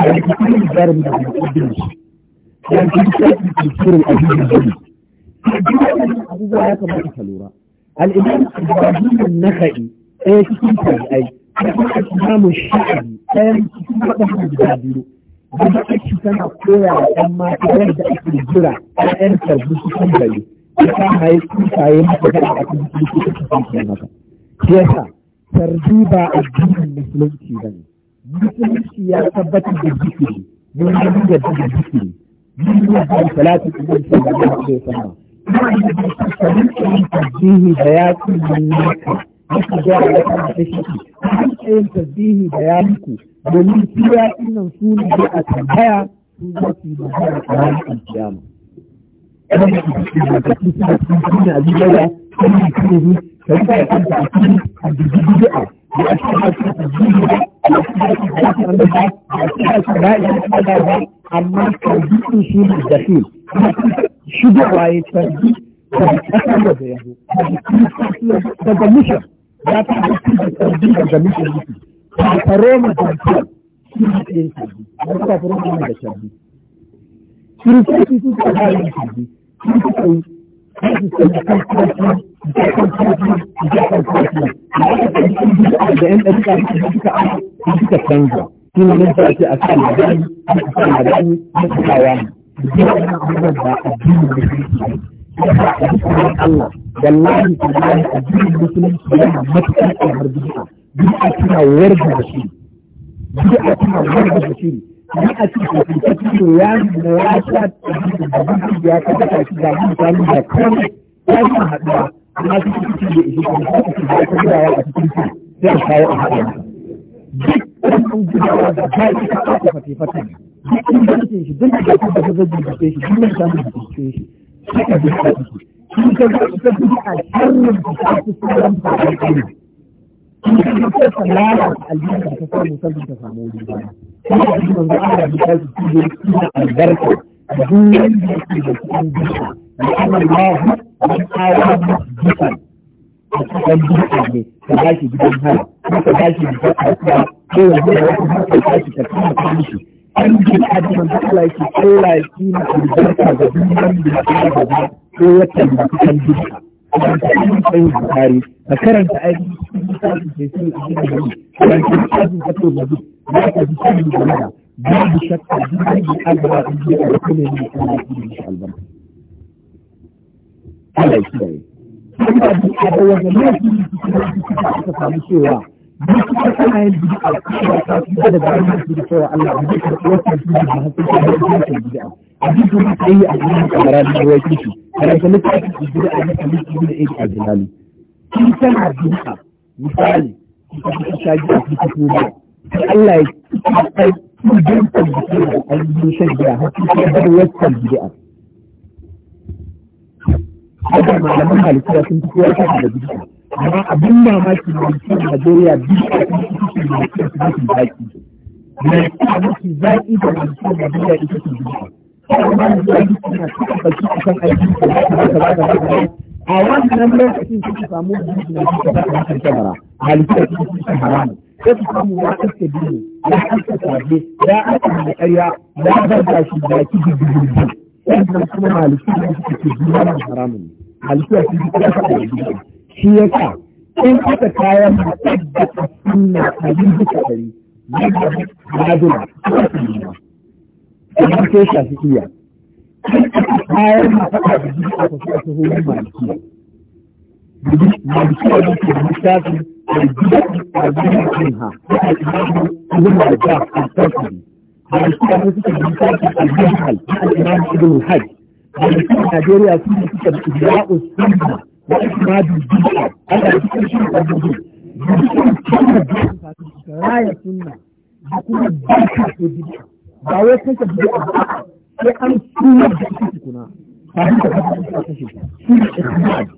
a yi kusurin jarin da kuma kudin shi ya ji shafi kusurin abubuwan gani abubuwa ya kamata ka lura al'imam na naka'i ɗaya cikin tabi'ai imamu sha'ani ɗaya cikin waɗannan guda biyu wanda ake tana koya wa ɗan mata yadda ake jira ɗayan karbi su kan gari ya kama ya kusaye masa da a cikin kusurin kusurin haka. Shi yasa, tarbi ba addinin musulunci ba ne. musulunci ya tabbatar da zikiri don yi da da zikiri yin yi da salatu da zai sama kuma da tasbihi da ya ya tasbihi da ya domin tura inan tambaya su za su yi magana a da da suna ka rufe a kanta a cikin jirgin da a cikin hasu da jirgin da a cikin hasu da da a cikin hasu da ya yi da da amma tarbiyyar shi ne da shi shigarwa ya tarbi da kasar da da yanzu daga mishan ya ta hasu da tarbi daga mishan yake da taro ma da tarbi shi ne ɗin tarbi a suka fi rukun da tarbi kiristoci su ka bayan tarbi sun fi kai kashi sai da kan da yan ɗarika da suka aka suka canza shi ne nan sai ce a kan magani a kan magani da suka wani da yana abubuwan da addinin ne da ne Allah wallahi tallahi addinin musulunci yana matuƙar ƙarfar duniya duniya tana warda da shi duniya tana warda da shi ni a cikin cikin ya da ya sha da ya kada da shi da mutane da kan ya haɗuwa amma su cikin da ishe kuma su cikin da kuma gudawa a cikin su sai a kawo a haɗa duk wannan gudawa da ba shi ka da fatifata ne duk inda kake shi duk da kake da zai jibe shi duk da kake da shi haka duk da kake shi ka ga ita gudu a da ta fi sauran faɗin ƙari in ka ga ta lalata aljihar da ta samu sabbin ta samu wuri ba kuma da shi manzo Allah da shi cikin albarka duk wanda yake da ba gudu لأن الله من آوى ne ka ba gidan hara, ko ba shi gidan kasuwa ko ya da wasu harkar an da ga dukkan da ya gaba ko bukari ka karanta ainihin lissafin ke sun abin da yi karanta lissafin ka shakka da Allah ya kiyaye kuma da abubuwan da ne suka samu cewa duk kuma kana yin bidi a ta fi da bayan da cewa Allah bidi ka wata bidi da hasu ta da bidi bidi a abin da ta yi a cikin kamara da ruwa kishi kana ta nuka bidi a cikin bidi da yake a jinali kin kana bidi misali ka fi ta ji a cikin kuma Allah ya kai bidi da ainihin shan gida hasu ta da wata bidi a haka malaman halittar sun fi kowa kan da bid'a amma abin mamaki da ke Najeriya bid'a sun fi kowa kan da baki na mafi zaƙi da halittar da bid'a ita ce bid'a amma da zaƙi suna cikin baki a kan aiki da ya kamata ba da ba a wannan lokacin suka samu bid'a na suka ba a kan tabara ta da suka haramu sai su samu ya aske biyu ya aske sabe ya aske mai ƙarya ya zarga shi da ki biyu. wannan kuma maliki da suke ce zuwa haramun ne maliki a cikin kuma faɗa da shi ya sa in aka kayan mutabbata sunna a yi duka ɗari yadda madula suka fi yi ba kamar sai shafi iya kayan mutabbata da biyu aka fi aka hulun maliki maliki a yake da littafi da biyu a biyu ha da imamu abin da ya fi malikuta ne suka bi sake al-jihal na al ibn hajj malikuta najeriya su ne suka bi ibra'u sunna wa ismadu bid'a ana cikin shi da gudu raya sunna da kuma bid'a ko bid'a ba wai kanka bid'a ba sai an suna da shi tukuna ba shi da kashe shi ne ikhmad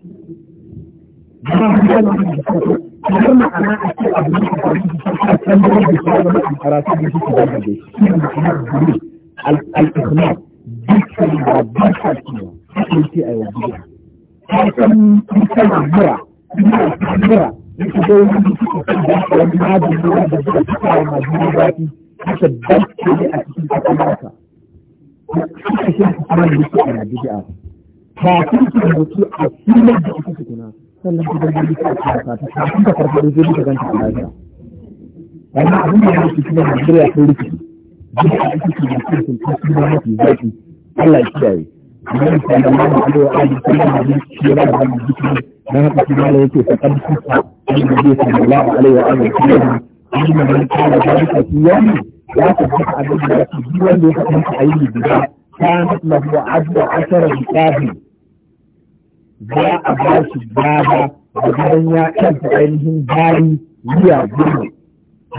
ba ma ma'ana a cikin abin da kan da rubu ta wani kankara ta da suke daga da shi ne kuma gure al'ikhna dukkan da dukkan kuma suke yake a yau gudu ta kan dukkan mura mura ta mura yake da wani da suke kan da suke wani da wani da suke suka yi ma juna zafi suka dauke a cikin kasa mata su da suke a bidi'a a filin da suke kuna sannan su zama da suke kuma ta su kuma farfaɗe zai bi ta ganta a lafiya. amma abin da yake cikin Najeriya sun rike duk da ake cikin cikin cikin mafi zaki Allah ya kiyaye amma da sanan ma da Allah ya yi cikin da shi yana da wannan cikin dan haka shi ma yake fakan shi da zai sallallahu alaihi wa alihi wasallam amma man kana da shi yayi ya tabbata abin da yake duk wanda ya faɗa ka ayi da كانت له عدل عشر كتاب جاء باش بابا وبدن يا كنت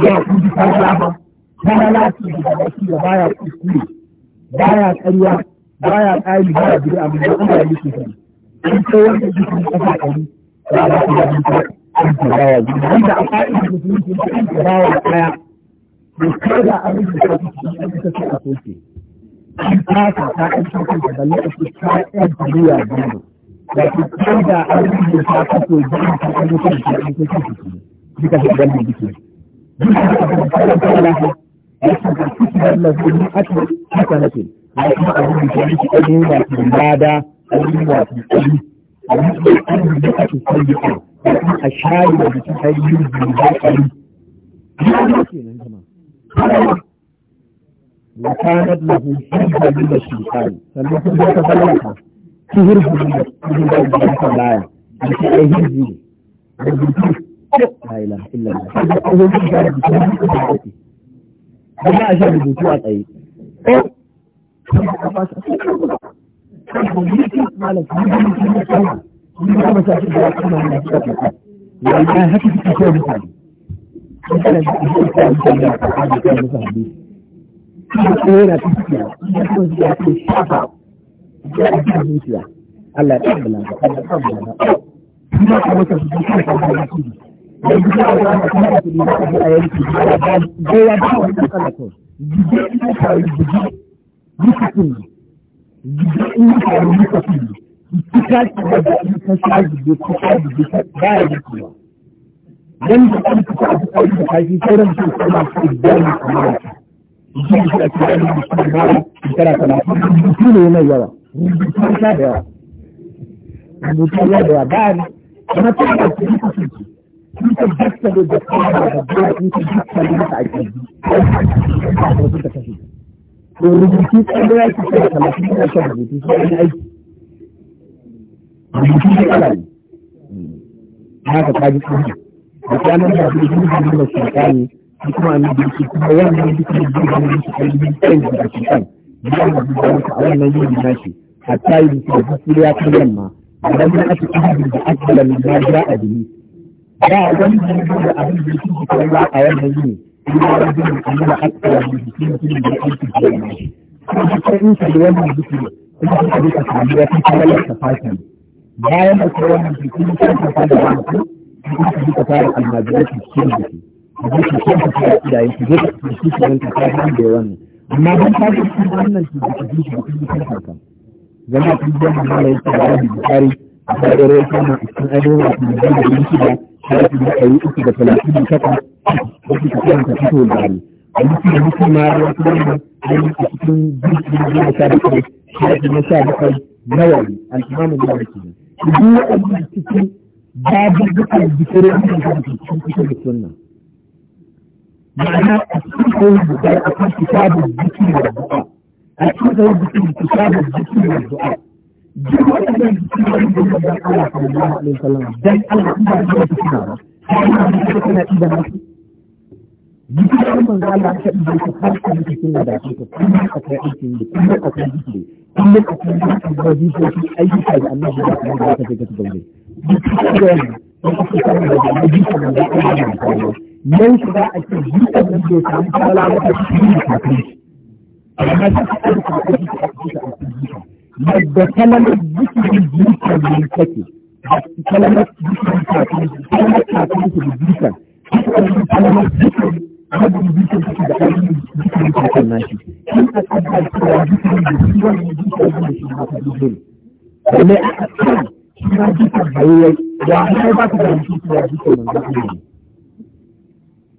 yana kuji kariya ba kana lati da baki da baya kuskure baya ƙarya baya ƙari baya gudu abin da Allah ya yi shi in sai wanda yake kan kafa kari ba ba ku da bin ta in ta baya a fa'in da in baya kaya to kada a rubuta ta cikin a soke an fasa ta da lokaci ta yan tariya gudu wato kada a a shayi da jikin hanyoyin da ya ƙari ya ne ke nan jama'a وكانت له حجة من الشيطان فالمفروض يتفلسف سهر في الدنيا لا يمكن أن يهزي la ilaha illa Allah ko ga da shi da shi da ba shi da shi a tsaye Allah ya dan duk da ba ka kana kudi ba ka a yanki da ya da ina ka yi gidi duka kin gidi ina ka yi da da ba ya da da da da da a cikin mutum ba da da yawa ya da yawa ya da yawa ba da you can jattalo da kawai da ta yi ka ta masa a kirji a wasu da kashe to rubutu yi, da yake kan ta yana kan rubutu sai wani ta rubutu sai ala ne haka ta ji tsari da da ta yi da da shirkani su kuma an da su kuma ta duk da su da su kai da kai da shirkani biyan da su da su a wannan ta. na shi hatta yi da su da su ya kan ta a ranar aka ƙi da aka da ba wani da abin da yake cikin ba a yadda yi ina da jin annaba hatta da cikin cikin da yake cikin da shi kuma da in ka da wannan da kuma ka da ka samu da kan kallon ka fashin bayan da kowa ne cikin cikin ka fara da mutum kuma ka duka fara almajirai cikin da shi da yake cikin ka fara idaye shi zai ka cikin cikin ka fara da wannan amma ban ta da shi wannan cikin da cikin da cikin ka kan zama cikin da malaika da Bukhari a fara da rayuwa cikin ayyuka da yake da shafi da ɗari uku da talatin da takwas wasu ka karanta fito da a mutum da mutum ma ya fi wannan ainihin a cikin jirgin sha bakwai shafi na sha bakwai nawa ne al'imamu nawa ke nan duk waɗannan cikin babin dukkan jikirin da ke cikin fito da sunna ma'ana a cikin kawai da akwai kitabun jikin da du'a a cikin kawai da jikin da duk waɗannan da dan Allah sallallahu alaihi wasallam dan Allah da ba su suna ba sai da idan musu duk da mun ga Allah ta idan ka har ka mutu suna da shi kuma ka kai aikin da kuma ka kai jiki kuma ka kai jiki da jiki ayyuka da Allah ya ba ka da kake gaban duk da nan su za a ce jikin nan bai samu kala da shi ne kafin amma shi ka kai kafin shi a cikin yadda kalamar zikirin zuciyar ne take kalamar zikirin kafin kalamar kafin su da zikirin kalamar zikirin abin zikirin take da ainihin zikirin kafin nashi in a kaddar cewa zikirin da shi wani zikirin da shi ba ta zikirin wani a kaddar shi ma zikirin da ya yi ya da zikirin da da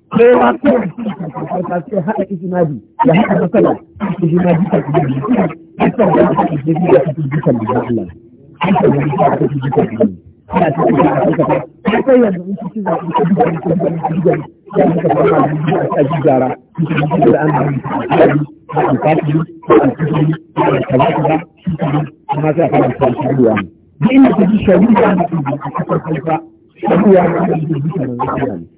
kowa kawai sai haɗa ya ya jikan ya aka yanzu ya a ne. ji shari'a da ke da shari'a da ke da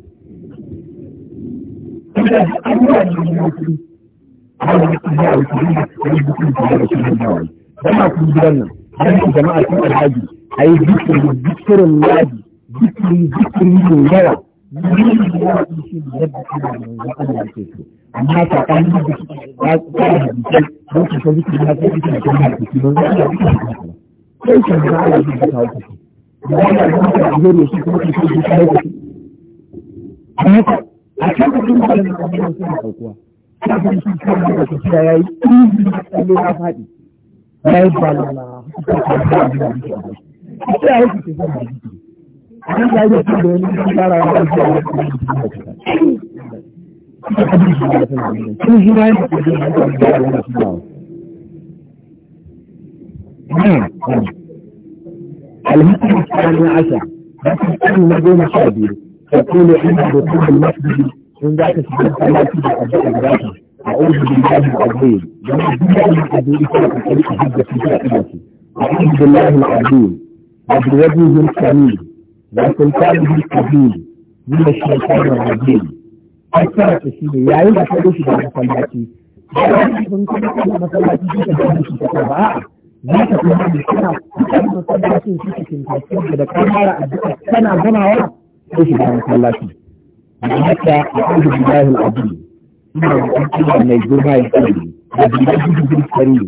ina da abubuwa ne na wasu da gidan nan har yi jama'a sun alhaji a yi zikiri zikirin ladi zikiri zikiri yin yawa yi da yawa sun shi da yadda ana da yanzu ana da ke so amma tsakanin da su ya tsara da bikin don su san zikirin na sai zikirin da ya ke don zai iya zikirin da ya sai shi da ana yin da kawo kashi da wani da da zai ne shi kuma ke so zikirin da ya amma a kan kudin malam na abubuwan suna aukuwa ta kan shi kan da ka kira ya yi tsallo na faɗi ya yi balala ta kan da abin da yake a baki a kira yake ke son da yake a kan da yake da yi kan tsara ya kan kira hmm, hmm. ya kan da yake da kun shi ya yadda ke da yadda da yadda da تقول عند دخول المسجد إن ذاك السجن ثلاثة أجزاء ذاته أعوذ بالله العظيم جمع بالله العظيم فرق الطريق جدا في سائلتي أعوذ بالله العظيم وبوجهه الكريم وسلطانه القديم من الشيطان الرجيم أكثر تسيني يا عيد أفضل في المسلاتي sun kuma kana masallaci suka da shi ta ba za ka kuma da kana masallacin suka kinkaci da kamara addu'a kana gamawa ko shiga masallaci haka a ƙarfi bilahin abin ina da ƙarfi mai girma ya tsari da bilan gudu gudu ne.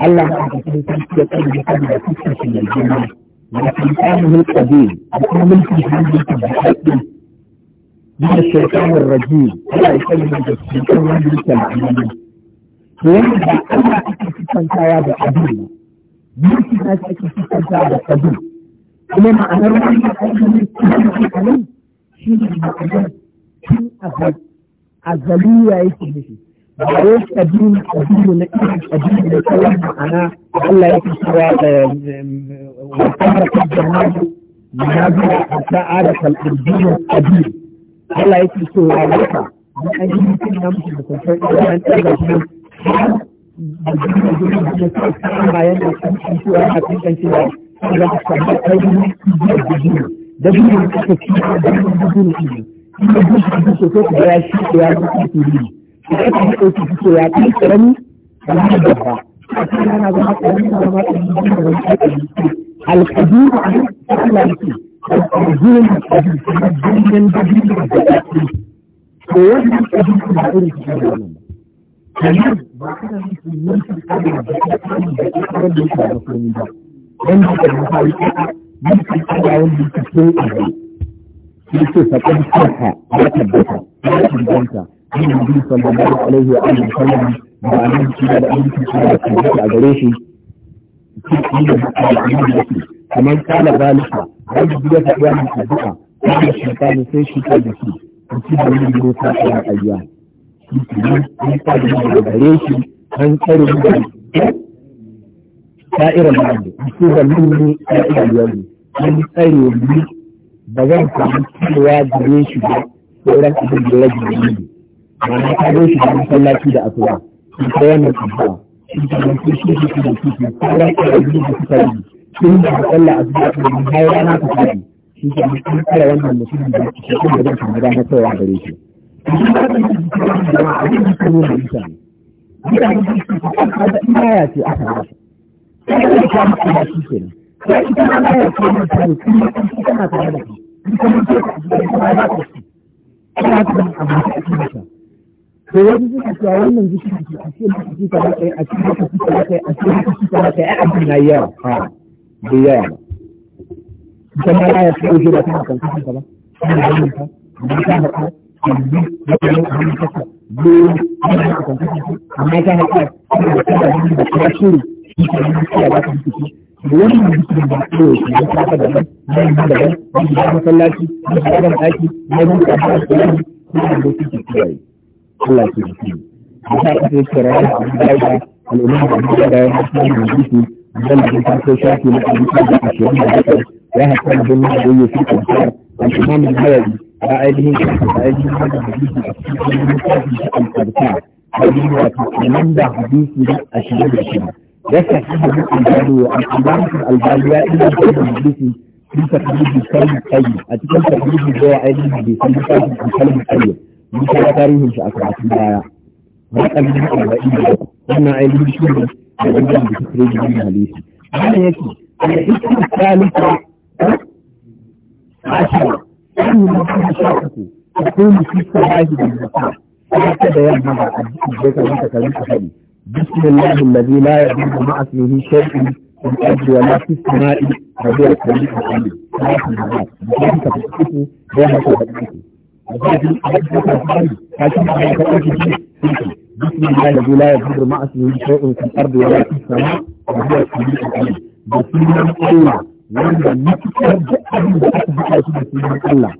Allah ma ka san sarki ya da kan da fuskar shi mai girma da kan samu hulɗa biyu da kuma mulki hannun da haɗi من الشيطان الرجيم ألا يكلم الشيطان ولا يكلم وين أنا أكيد في الكنتايا بالقبيل يمكن أن أكيد في الكنتايا بالقبيل kuma ma'anar wannan aikin a nan shi ne ma'anar tun ya azaliya yake nufi ba wai kabilu kabilu na irin kabilu kawai ma'ana Allah yake cewa da wata jama'a na zuwa a ta'ada kalbiyar kabilu Allah yake cewa wata da an yi mutum na mutum da kwanciyar ɗaya an ɗaga shi bayan da kan kan cewa a kan kan cewa za ka samu ainihin igiyar dabino dabino da aka ci a dabino dabino ne in da duk da duk ko da ya shi ya yi turi ne idan ka ɗauki fito ya kai karami ba za ka dabba a cikin yana zama karami na zama karami da wani ƙarfi alƙadiru a nan Allah ya ce alƙadiru na ƙadiru kamar ganyen dabino da ƙarfi to wannan ƙadiru na irin cikin wannan ba. Kamar ba kana nufin yankin ƙadiru da ƙarfi da ƙarfi da ƙarfi da ƙarfi da wanda ke misali kaɗa yin kan kaɗa wanda yake so a yi shi ce A sarka ya tabbata ya tabbata yin nabi sallallahu alaihi wa alihi sallam da annabi shi da annabi shi da a gare shi shi ne da annabi kamar kala zalika wanda ya faɗi wannan a wanda shi ta ne sai shi ta da shi shi da wani gero ta ɗaya a yi shi ne an kwaɗi da gare shi an tsare da سائر العبد بسوغ مني سائر اليوم من سائر مني بغير كل واجب يشبه sauran abin da rage da ba na ta zo shi da masallaci da asuwa shi ta wannan abuwa shi ta nan shi shi shi da kifi sauran abin da suka yi tun da matsala a zuwa ta yi har rana ta fadi shi ta nan an kare wannan mutumin da ke cikin da zai samu damar kaiwa gare shi. Abin da suka nuna mutane. Mutane da suka yi da ina ya ce aka rasa. sai ka ta maka da shi kenan ya ita shi kana tare da shi kuma ta ji ta ba ta shi ta wannan zikiri ke a ce maka shi kana kai a ce maka shi kana maka shi abin na yawa ha da yawa ita ma ya ce ko ba ta kan kashi ka ba kana ganin ka amma ta haɗa yanzu da kuma hannun kasa biyu ana kan kashi amma ta haɗa kuma da kuma da kuma shiri mutanen da ba ka fito wannan mutum ba ko shi ya fara da nan nan da nan da masallaci da gaban daki da nan da nan da nan da lokaci ke kiyaye Allah ke ji da ta kace kira da Allah al'umma da da da da dan da ta so shafi na abubuwa da ke da ya hakan da mun da yake cikin al-imam al-hawazi a ainihin a ainihin da hadisi a cikin al-bukhari da al-bukhari da hadisi da ashirin da shida yakan kasa dukkan gado a cikin albaliya ina cikin mulki cikin tarihi kalmi kayi a cikin tarihi zuwa ainihi bai san bukatu a kalmi kayi mun kawo tarihin shi a karatun baya rakan da nake da ina wannan ainihi da wannan da kuke da wannan halisi wanda yake da ikon kalmi a shi ne mun kawo shi a kuku akwai musu kuma ya yi da yamma ba a cikin bai kamata kalmi ka faɗi بسم الله الذي لا يضر مع اسمه شيء في الارض ولا في السماء ربيع السميع العليم ثلاث مرات بذلك تثبت روح صدقته بسم الله الذي لا يضر مع اسمه شيء في الارض ولا في السماء ربيع السميع العليم بسم الله wanda matukar da abin da aka الله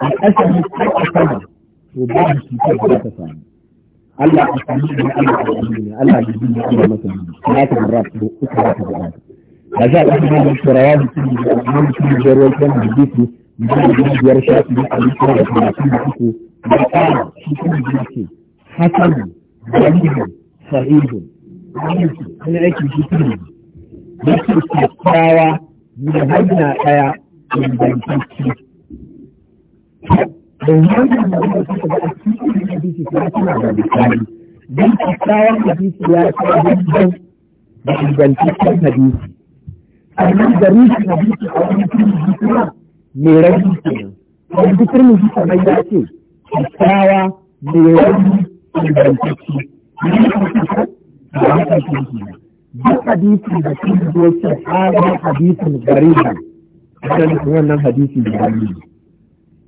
shi da sunan Allah a ƙasar Allah a sami da Allah da ne Allah da ne Allah masa ne ya ta harra ko uka ta da da za a kuma da shirawa da kuma da amma da kuma da kan da bisu da da biyar shafi da kuma da kuma da uku da ta shi kuma da shi hasan dalilin sa'idun wani aiki shi kuma da su ke tsawa da hanya daya ingantacce da wannan magana ta shiga a cikin hadisi da misali don kyakkyawan hadisi ya ce dangan da ingantaccen hadisi da hadisi a wani turmi hadisi da shi zo ce hada hadisin gariba wannan hadisi da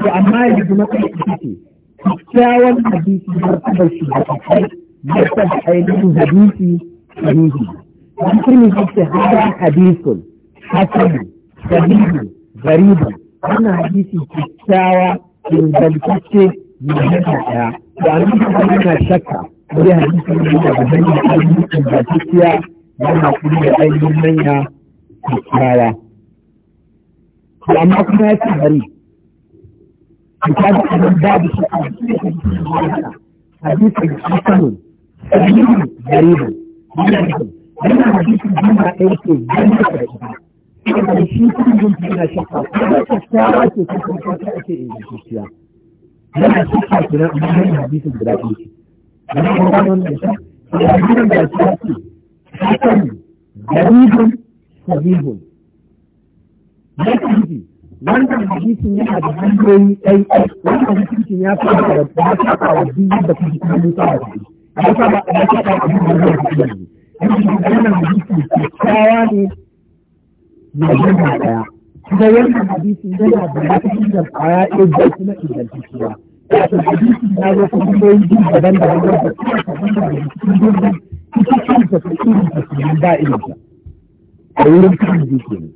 to amma yanzu matsalar ita ce kyakkyawan hadisi martabar shi da kai martabar ainihin hadisi sahihi an kirmi ce hada hadisun hasanu sahihi garibu wannan hadisi kyakkyawa ingantacce mai na ɗaya da alhamdulillah yana shakka wani hadisi ne da bayani da ainihin ingantacciya yana kuma da ainihin manya kyakkyawa amma kuma ya ce كان من باب حديث حسن صحيح غريب من حديث الجمعة أيك جمعة إذا شيء كل من شخص هذا كسارة كسارة تأتي إلى لا شخص كنا من حديث الجمعة أنا أقول أن الحديث الجمعة حسن غريب صحيح لا تجدي wannan hadisin yana da hanyoyi ɗai wannan hadisin ya fara da ba ta kawo biyu da kuma kuma musa da shi a ba ba ta kawo abin da zai fi yanzu wannan hadisin ne mai yana ɗaya kuma wannan ya yana da matakin da ɗaya da kuma ingantacciya wato hadisin ya zo kuma hanyoyi biyu daban-daban wanda kuma kamar da cikin gurbin cikin kanta su irin ta su ba irin ta a wurin kan jiki ne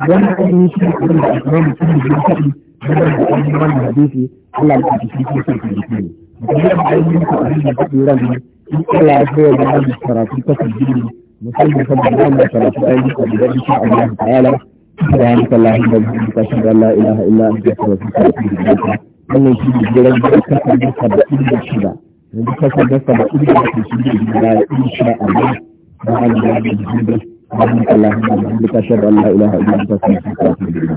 wani ainihin shi ne abin da aka mamu cikin da ya faɗi wajen da ainihin wannan hadisi Allah da fi cikin sai ka jiki ne. Mutum ya ainihin ka abin da faɗi ran ne in Allah ya fi yau da wani karatu ta sabbi ne da saboda wannan karatu ta yi da da insha Allah ta'ala. سبحانك اللهم وبحمدك اشهد ان لا اله الا انت استغفرك واتوب اليك wannan shi ne jiran da kasar da da shida yanzu kasar da saba'in da shida da ya ɗin sha'ar da ba a yi اللهم بحمدك اشهد ان لا اله الا انت استغفرك واتوب اليك